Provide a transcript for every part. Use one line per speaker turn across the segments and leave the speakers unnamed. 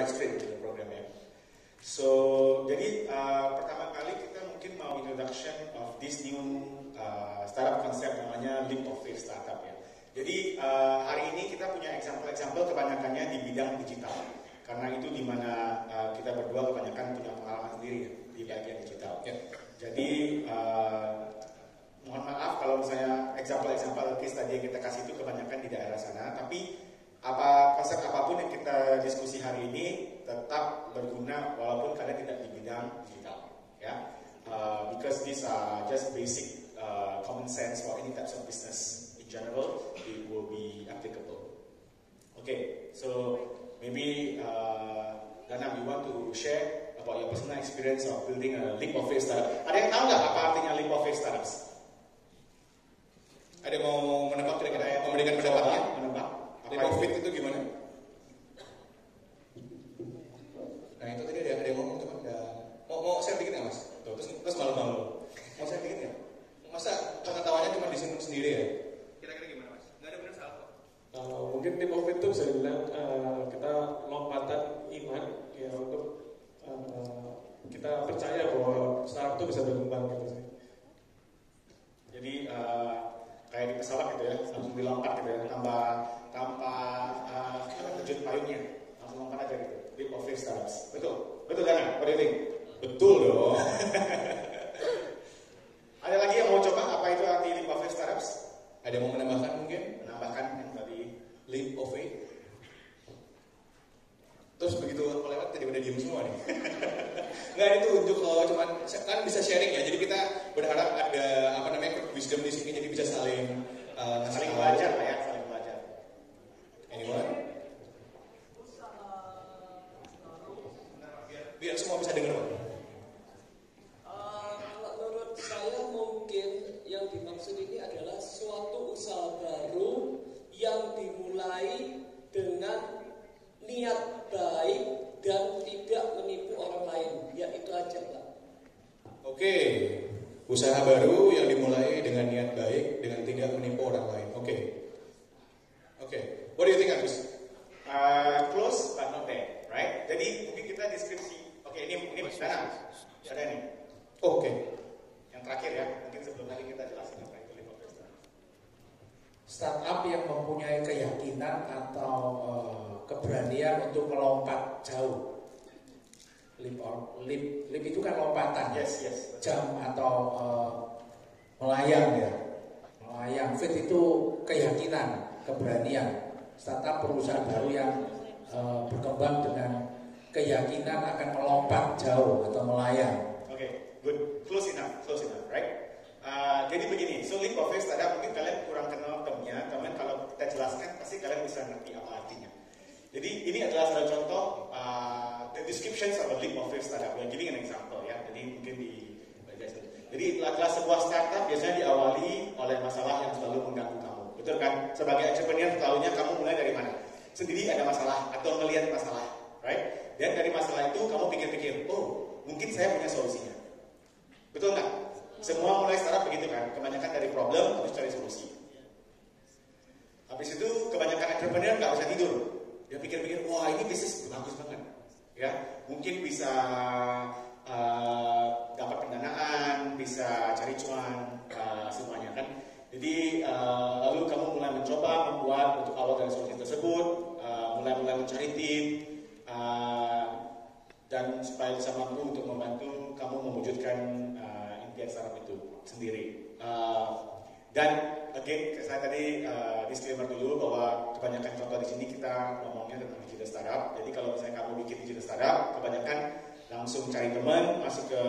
right fit gitu programnya. So jadi uh, pertama kali kita mungkin mau introduction of this new uh, startup concept namanya Leap of Faith Startup ya. Jadi uh, hari ini kita punya example-example kebanyakannya di bidang digital karena itu dimana uh, kita berdua kebanyakan punya pengalaman sendiri ya, di bagian digital. Yeah. Jadi uh, mohon maaf kalau misalnya example-example case tadi yang kita kasih itu kebanyakan di daerah sana, tapi apa konsep apapun yang kita diskusi hari ini tetap berguna walaupun kalian tidak di bidang digital ya uh, because these are just basic uh, common sense for any types of business in general it will be applicable okay so maybe uh, Dana you want to share about your personal experience of building a leap of faith startup ada yang tahu nggak apa artinya leap of faith startups ada yang mau menebak kira-kira ya? memberikan pendapatnya Covid itu gimana? Nah itu tadi ada, yang ngomong tuh kan, ada, ya, mau, mau share dikit ya mas? Tuh, terus terus malu malu. Mau share dikit ya? Masa pengetahuannya cuma di sini sendiri ya? Kira-kira gimana mas? Gak ada benar salah kok. Kalau mungkin Lipovit itu bisa dibilang uh, kita lompatan iman ya untuk uh, kita percaya bahwa startup itu bisa berkembang gitu sih. Jadi uh, kayak di pesawat gitu ya, langsung dilompat gitu ya, tambah posting Betul? Betul kan? What do you think? Betul dong. Ada lagi yang mau coba apa itu arti leap of faith startups?
Ada yang mau menambahkan mungkin? Menambahkan yang tadi leap of faith? Terus begitu lewat tadi udah diem semua nih. Nggak itu untuk loh, cuman kan bisa sharing ya. Jadi kita berharap ada apa namanya wisdom di sini jadi bisa saling uh, saling belajar ya. dinilai dengan niat baik dan tidak menipu orang lain. Ya itu aja Pak. Oke, usaha baru yang dimulai dengan niat baik dengan tidak menipu orang lain. Oke. Oke,
what do you think Agus? Uh, close but not bad, right? Jadi mungkin kita deskripsi. Oke, okay, ini mungkin ada ada nih. Oke. Okay. Yang terakhir ya, mungkin sebelum nanti kita jelasin ya startup yang mempunyai keyakinan atau eh, keberanian untuk melompat jauh. Leap, or, leap, leap itu kan lompatan, ya? yes, yes. jam atau uh, melayang ya. Melayang fit itu keyakinan, keberanian. Startup perusahaan baru yang uh, berkembang dengan keyakinan akan melompat jauh atau melayang. Oke, okay, good, close enough, close enough, right? Uh, jadi begini, so leap of faith mungkin kalian kurang kenal jelaskan pasti kalian bisa ngerti apa artinya. Jadi ini adalah salah contoh uh, the description of a leap of faith startup. Yang giving an example ya. Jadi mungkin di jadi adalah sebuah startup biasanya diawali oleh masalah yang selalu mengganggu kamu.
Betul kan? Sebagai
entrepreneur tahunya kamu mulai dari mana? Sendiri ada masalah atau melihat masalah, right? Dan dari masalah itu kamu pikir-pikir, oh mungkin saya punya solusinya. Betul nggak? Semua mulai startup begitu kan? Kebanyakan dari problem harus cari solusi. Habis itu kebanyakan entrepreneur nggak usah tidur. Dia pikir-pikir, wah ini bisnis bagus banget. Ya, mungkin bisa uh, dapat pendanaan, bisa cari cuan, uh, semuanya kan. Jadi uh, lalu kamu mulai mencoba membuat untuk awal dari solusi tersebut, uh, mulai-mulai mencari tim, uh, dan supaya bisa mampu untuk membantu kamu mewujudkan uh, impian startup itu sendiri. Uh, dan again, saya tadi uh, disclaimer dulu bahwa kebanyakan contoh di sini kita ngomongnya tentang digital startup. Jadi kalau misalnya kamu bikin digital startup, kebanyakan langsung cari teman, masuk ke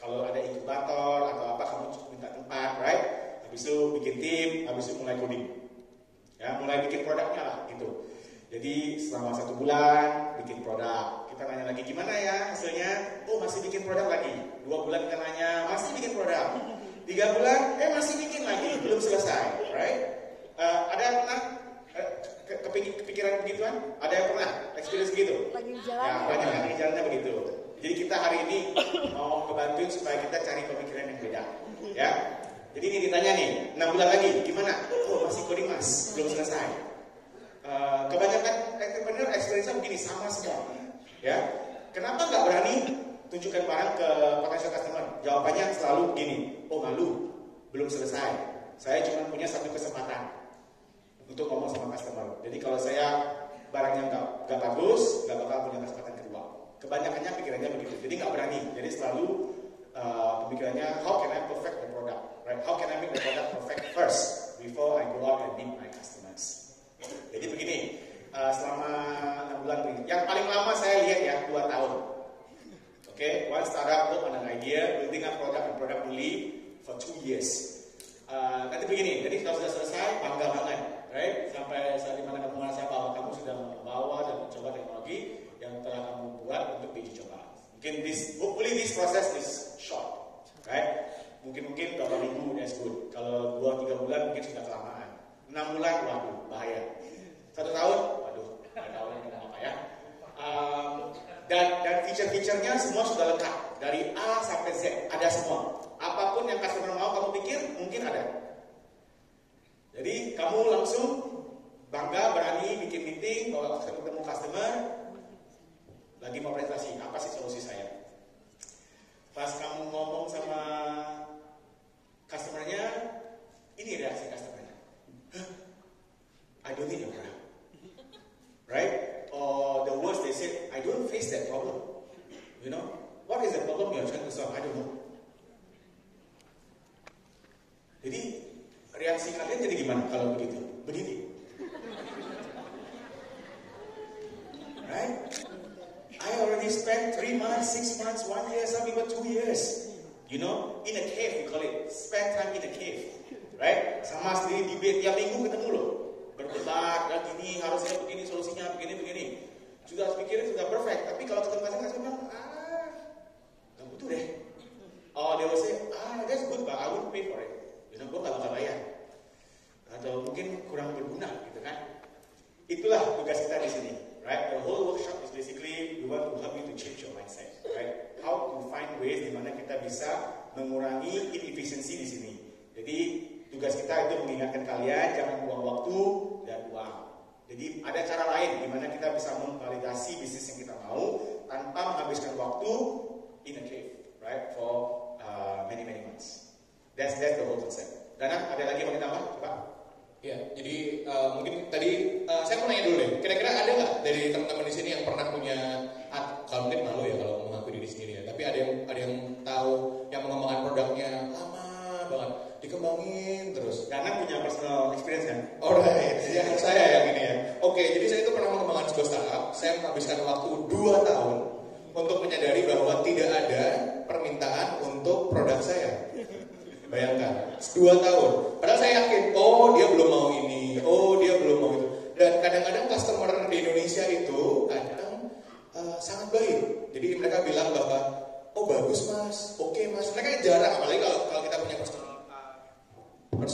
kalau ada inkubator atau apa kamu cukup minta tempat, right? Habis itu bikin tim, habis itu mulai coding. Ya, mulai bikin produknya lah gitu. Jadi selama satu bulan bikin produk, kita nanya lagi gimana ya hasilnya? Oh masih bikin produk lagi. Dua bulan kita nanya masih bikin produk tiga bulan eh masih bikin lagi belum selesai right uh, ada yang pernah uh, kepikiran begituan ada yang pernah experience begitu lagi jalan ya, banyak lagi jalannya begitu jadi kita hari ini mau membantu supaya kita cari pemikiran yang beda ya jadi ini ditanya nih enam bulan lagi gimana oh masih coding mas belum selesai uh, kebanyakan entrepreneur experience begini sama semua ya kenapa nggak berani tunjukkan barang ke potential customer. Jawabannya selalu gini, oh malu, belum selesai. Saya cuma punya satu kesempatan untuk ngomong sama customer. Jadi kalau saya barangnya nggak nggak bagus, nggak bakal punya kesempatan kedua. Kebanyakannya pikirannya begitu. Jadi nggak berani. Jadi selalu uh, pemikirannya how can I perfect the product, right? How can I make the product perfect first? years. Uh, ah, nanti begini, jadi kalau sudah selesai, bangga banget, right? Sampai saat dimana kamu merasa bahwa kamu sudah membawa dan mencoba teknologi yang telah kamu buat untuk diuji coba. Mungkin this, hopefully this process is short, right? Mungkin mungkin beberapa minggu that's good. Kalau dua tiga bulan mungkin sudah kelamaan. Enam bulan, waduh, bahaya. Satu tahun, waduh, tahun tahu ini apa ya. Um, dan dan feature-featurenya semua sudah lengkap dari A sampai Z ada semua mungkin ada. Jadi kamu langsung bangga berani bikin meeting kalau ketemu customer lagi mau presentasi apa sih solusi saya. Pas kamu ngomong sama customernya ini reaksi customer. reaksi kalian jadi gimana kalau begitu? Begini. Right? I already spent three months, six months, one year, some even two years. You know, in a cave we call it. Spend time in a cave. Right? Sama sendiri di bed tiap minggu ketemu loh. Berdebat, dan gini, harusnya begini, solusinya begini, begini. Sudah pikirin, sudah perfect. Tapi kalau ketemu pasangan, saya bilang, ah, itulah tugas kita di sini, right? The whole workshop is basically we want to help you to change your mindset, right? How to find ways di mana kita bisa mengurangi inefficiency di sini. Jadi tugas kita itu mengingatkan kalian jangan buang waktu dan uang. Jadi ada cara lain di mana kita bisa memvalidasi bisnis yang kita mau tanpa menghabiskan waktu in a cave, right? For uh, many many months. That's that's the whole concept. Dan ada lagi yang mau ditambah, Pak?
Ya, jadi uh, mungkin tadi dari teman-teman di sini yang pernah punya ah, kalau mungkin malu ya kalau mengaku diri sendiri ya tapi ada yang ada yang tahu yang mengembangkan produknya lama banget dikembangin terus karena punya personal experience kan alright oh, ya saya yang ini ya oke jadi saya itu pernah mengembangkan sebuah startup saya menghabiskan waktu 2 tahun untuk menyadari bahwa tidak ada permintaan untuk produk saya bayangkan 2 tahun padahal saya yakin oh dia belum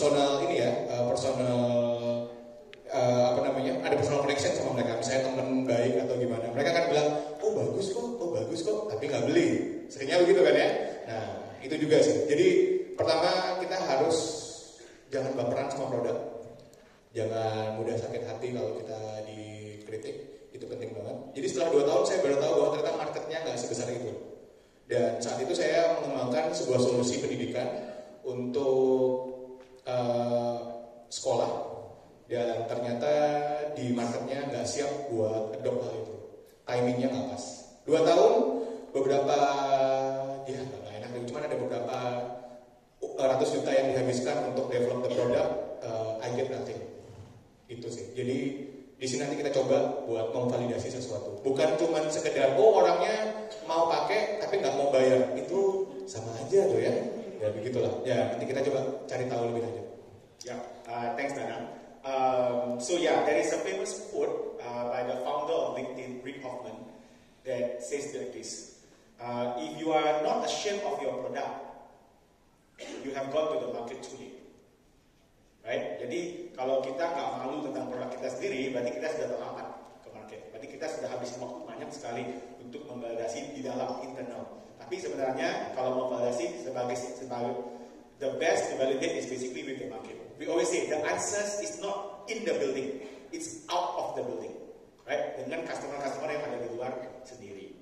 personal ini ya uh, personal uh, apa namanya ada personal connection sama mereka misalnya temen baik atau gimana mereka akan bilang oh bagus kok oh bagus kok tapi nggak beli seringnya begitu kan ya nah itu juga sih jadi pertama kita harus jangan baperan sama produk jangan mudah sakit hati kalau kita dikritik itu penting banget jadi setelah dua tahun saya baru tahu bahwa ternyata marketnya nggak sebesar itu dan saat itu saya mengembangkan sebuah solusi pendidikan untuk Eh, sekolah dan ternyata di marketnya nggak siap buat adopt hal itu timingnya nggak pas dua tahun beberapa ya nggak enak cuma ada beberapa eh, ratus juta yang dihabiskan untuk develop the product uh, I get nothing itu sih jadi di sini nanti kita coba buat memvalidasi sesuatu bukan cuma sekedar oh orangnya mau pakai tapi
nggak mau bayar itu sama aja tuh ya ya begitulah ya nanti kita coba cari tahu lebih lanjut Yeah, uh, thanks, Nana. Um, so yeah, there is a famous quote uh, by the founder of LinkedIn, Rick Hoffman, that says like this: uh, If you are not ashamed of your product, you have gone to the market too late. Right? Jadi kalau kita nggak malu tentang produk kita sendiri, berarti kita sudah terlambat ke market. Berarti kita sudah habis waktu banyak sekali untuk membalasi di dalam internal. Tapi sebenarnya kalau memvalidasi sebagai sebagai the best to validate is basically with the market we always say the answers is not in the building, it's out of the building, right? Dengan customer-customer yang ada di luar sendiri.